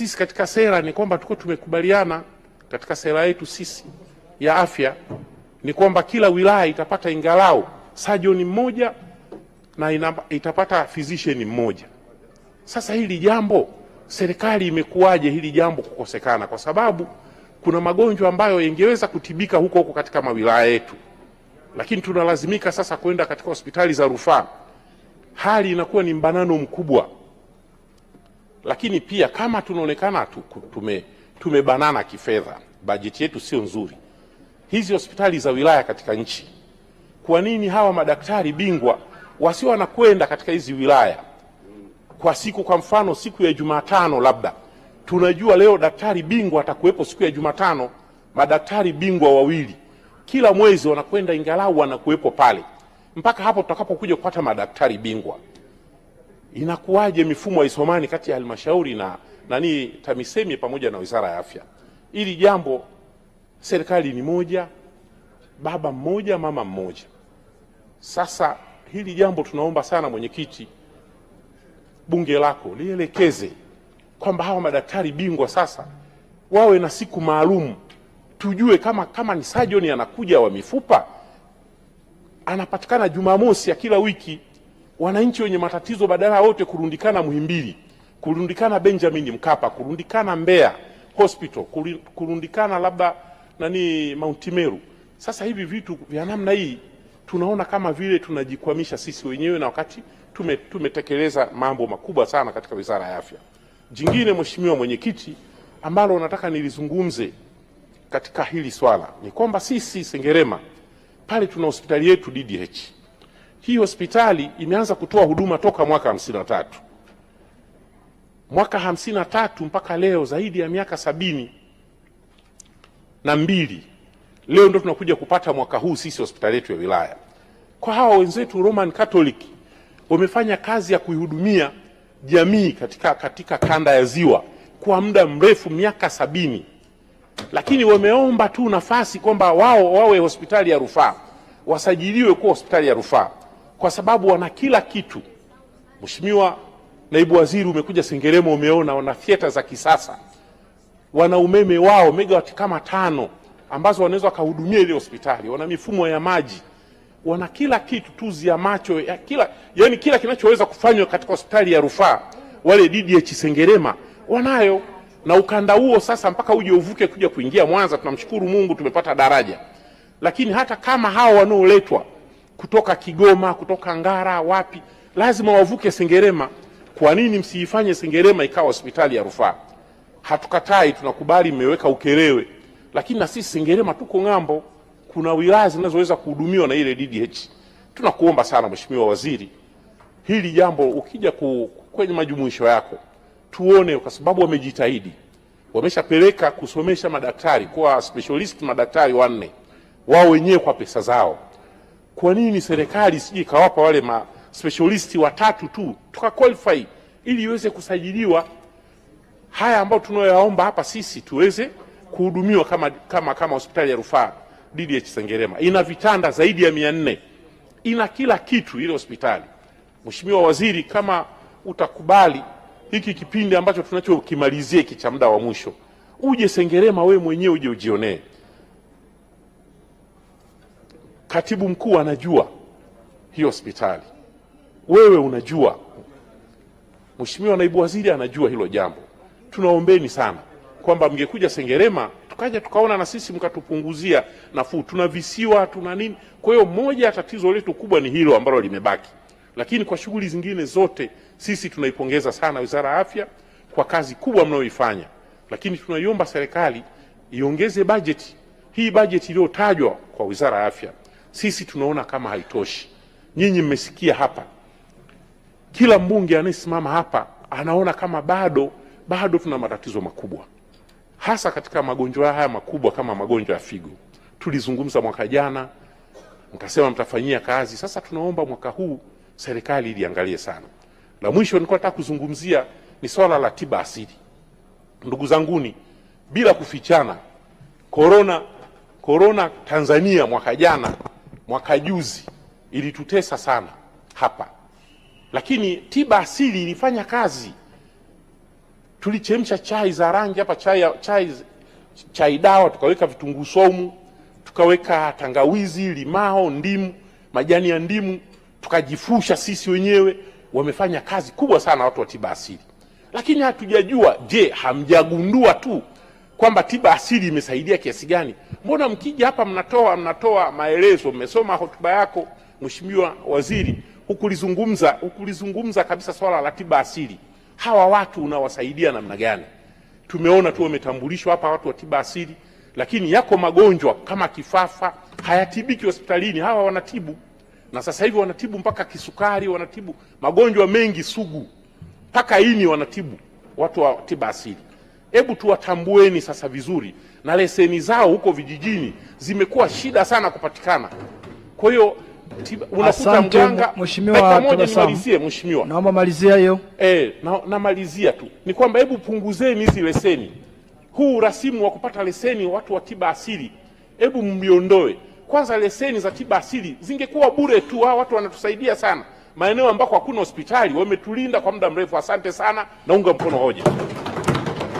sisi katika sera ni kwamba tuko tumekubaliana katika sera yetu sisi ya afya ni kwamba kila wilaya itapata ingalau sajoni mmoja na ina, itapata physician mmoja. Sasa hili jambo serikali imekuwaje hili jambo kukosekana? Kwa sababu kuna magonjwa ambayo yangeweza kutibika huko huko katika mawilaya yetu, lakini tunalazimika sasa kwenda katika hospitali za rufaa. Hali inakuwa ni mbanano mkubwa. Lakini pia kama tunaonekana tume, tumebanana kifedha, bajeti yetu sio nzuri, hizi hospitali za wilaya katika nchi, kwa nini hawa madaktari bingwa wasio wanakwenda katika hizi wilaya kwa siku? Kwa mfano siku ya Jumatano labda tunajua leo daktari bingwa atakuwepo siku ya Jumatano, madaktari bingwa wawili kila mwezi wanakwenda, ingalau wanakuwepo pale mpaka hapo tutakapokuja kupata madaktari bingwa inakuwaje mifumo haisomani kati ya halmashauri na nani TAMISEMI pamoja na wizara ya afya? Ili jambo serikali ni moja, baba mmoja, mama mmoja. Sasa hili jambo tunaomba sana mwenyekiti, bunge lako lielekeze kwamba hawa madaktari bingwa sasa wawe na siku maalum, tujue kama kama ni sajoni anakuja wa mifupa anapatikana Jumamosi ya kila wiki wananchi wenye matatizo badala wote kurundikana Muhimbili, kurundikana Benjamin Mkapa, kurundikana Mbeya hospital, kurundikana labda nani Mount Meru. Sasa hivi vitu vya namna hii tunaona kama vile tunajikwamisha sisi wenyewe, na wakati tume tumetekeleza mambo makubwa sana katika wizara ya afya. Jingine Mheshimiwa Mwenyekiti, ambalo nataka nilizungumze katika hili swala ni kwamba sisi Sengerema pale tuna hospitali yetu DDH hii hospitali imeanza kutoa huduma toka mwaka hamsini na tatu mwaka hamsini na tatu mpaka leo, zaidi ya miaka sabini na mbili. Leo ndo tunakuja kupata mwaka huu sisi hospitali yetu ya wilaya. Kwa hawa wenzetu Roman Catholic wamefanya kazi ya kuihudumia jamii katika, katika kanda ya ziwa kwa muda mrefu miaka sabini, lakini wameomba tu nafasi kwamba wao wawe hospitali ya rufaa, wasajiliwe kuwa hospitali ya rufaa kwa sababu wana kila kitu. Mheshimiwa Naibu Waziri, umekuja Sengerema, umeona wana theater za kisasa, wana umeme wao megawati kama tano ambazo wanaweza wakahudumia ile hospitali, wana mifumo ya maji, wana kila kitu, tuzi ya macho ya kila, yani kila kinachoweza kufanywa katika hospitali ya rufaa wale DDH Sengerema wanayo, na ukanda huo sasa mpaka uje uvuke kuja kuingia Mwanza. Tunamshukuru Mungu tumepata daraja, lakini hata kama hao wanaoletwa kutoka Kigoma, kutoka Ngara, wapi, lazima wavuke Sengerema. Kwa nini msiifanye Sengerema ikawa hospitali ya rufaa? Hatukatai, tunakubali mmeweka Ukerewe, lakini na sisi Sengerema tuko ng'ambo, kuna wilaya zinazoweza kuhudumiwa na ile DDH. Tunakuomba sana Mheshimiwa Waziri, hili jambo ukija ku, kwenye majumuisho yako tuone, kwa sababu wamejitahidi, wameshapeleka kusomesha madaktari kwa specialist, madaktari wanne wao wenyewe kwa pesa zao kwa nini serikali sijui ikawapa wale ma specialist watatu tu tuka qualify ili iweze kusajiliwa. Haya ambayo tunayoyaomba hapa sisi tuweze kuhudumiwa kama, kama, kama hospitali ya rufaa DDH Sengerema ina vitanda zaidi ya mia nne ina kila kitu ile hospitali. Mheshimiwa Waziri, kama utakubali hiki kipindi ambacho tunachokimalizia hiki cha muda wa mwisho, uje Sengerema we mwenyewe uje ujionee. Katibu mkuu anajua hiyo hospitali, wewe unajua, Mheshimiwa naibu waziri anajua hilo jambo. Tunaombeni sana kwamba mngekuja Sengerema tukaja tukaona na sisi mkatupunguzia nafuu. Tuna visiwa tuna nini. Kwa hiyo moja ya tatizo letu kubwa ni hilo ambalo limebaki, lakini kwa shughuli zingine zote sisi tunaipongeza sana Wizara ya Afya kwa kazi kubwa mnayoifanya, lakini tunaiomba serikali iongeze bajeti hii, bajeti iliyotajwa kwa Wizara ya Afya sisi tunaona kama haitoshi. Nyinyi mmesikia hapa, kila mbunge anayesimama hapa anaona kama bado bado tuna matatizo makubwa, hasa katika magonjwa haya makubwa kama magonjwa ya figo. Tulizungumza mwaka jana, mkasema mtafanyia kazi. Sasa tunaomba mwaka huu serikali iliangalie sana. La mwisho nilikuwa nataka kuzungumzia ni swala la tiba asili. Ndugu zanguni, bila kufichana, korona korona Tanzania mwaka jana mwaka juzi ilitutesa sana hapa, lakini tiba asili ilifanya kazi. Tulichemsha chai za rangi hapa, chai, chai, chai dawa, tukaweka vitunguu saumu, tukaweka tangawizi, limao, ndimu, majani ya ndimu, tukajifusha sisi wenyewe. Wamefanya kazi kubwa sana watu wa tiba asili, lakini hatujajua. Je, hamjagundua tu kwamba tiba asili imesaidia kiasi gani. Mbona mkija hapa mnatoa mnatoa maelezo, mmesoma hotuba yako Mheshimiwa Waziri, hukulizungumza hukulizungumza kabisa swala la tiba asili. Hawa watu unawasaidia namna gani? Tumeona tu wametambulishwa hapa watu wa tiba asili, lakini yako magonjwa kama kifafa hayatibiki hospitalini, hawa wanatibu. Na sasa hivi wanatibu mpaka kisukari, wanatibu magonjwa mengi sugu, mpaka ini wanatibu watu wa tiba asili. Hebu tuwatambueni sasa vizuri, na leseni zao huko vijijini zimekuwa shida sana kupatikana. Kwa hiyo unakuta mganga mheshimiwa, nimalizie mheshimiwa, naomba malizia hiyo eh, na, namalizia tu ni kwamba hebu punguzeni hizi leseni, huu rasimu wa kupata leseni watu wa tiba asili, hebu mliondoe kwanza. Leseni za tiba asili zingekuwa bure tu, hao watu wanatusaidia sana maeneo ambako hakuna hospitali, wametulinda kwa muda mrefu. Asante sana, naunga mkono hoja.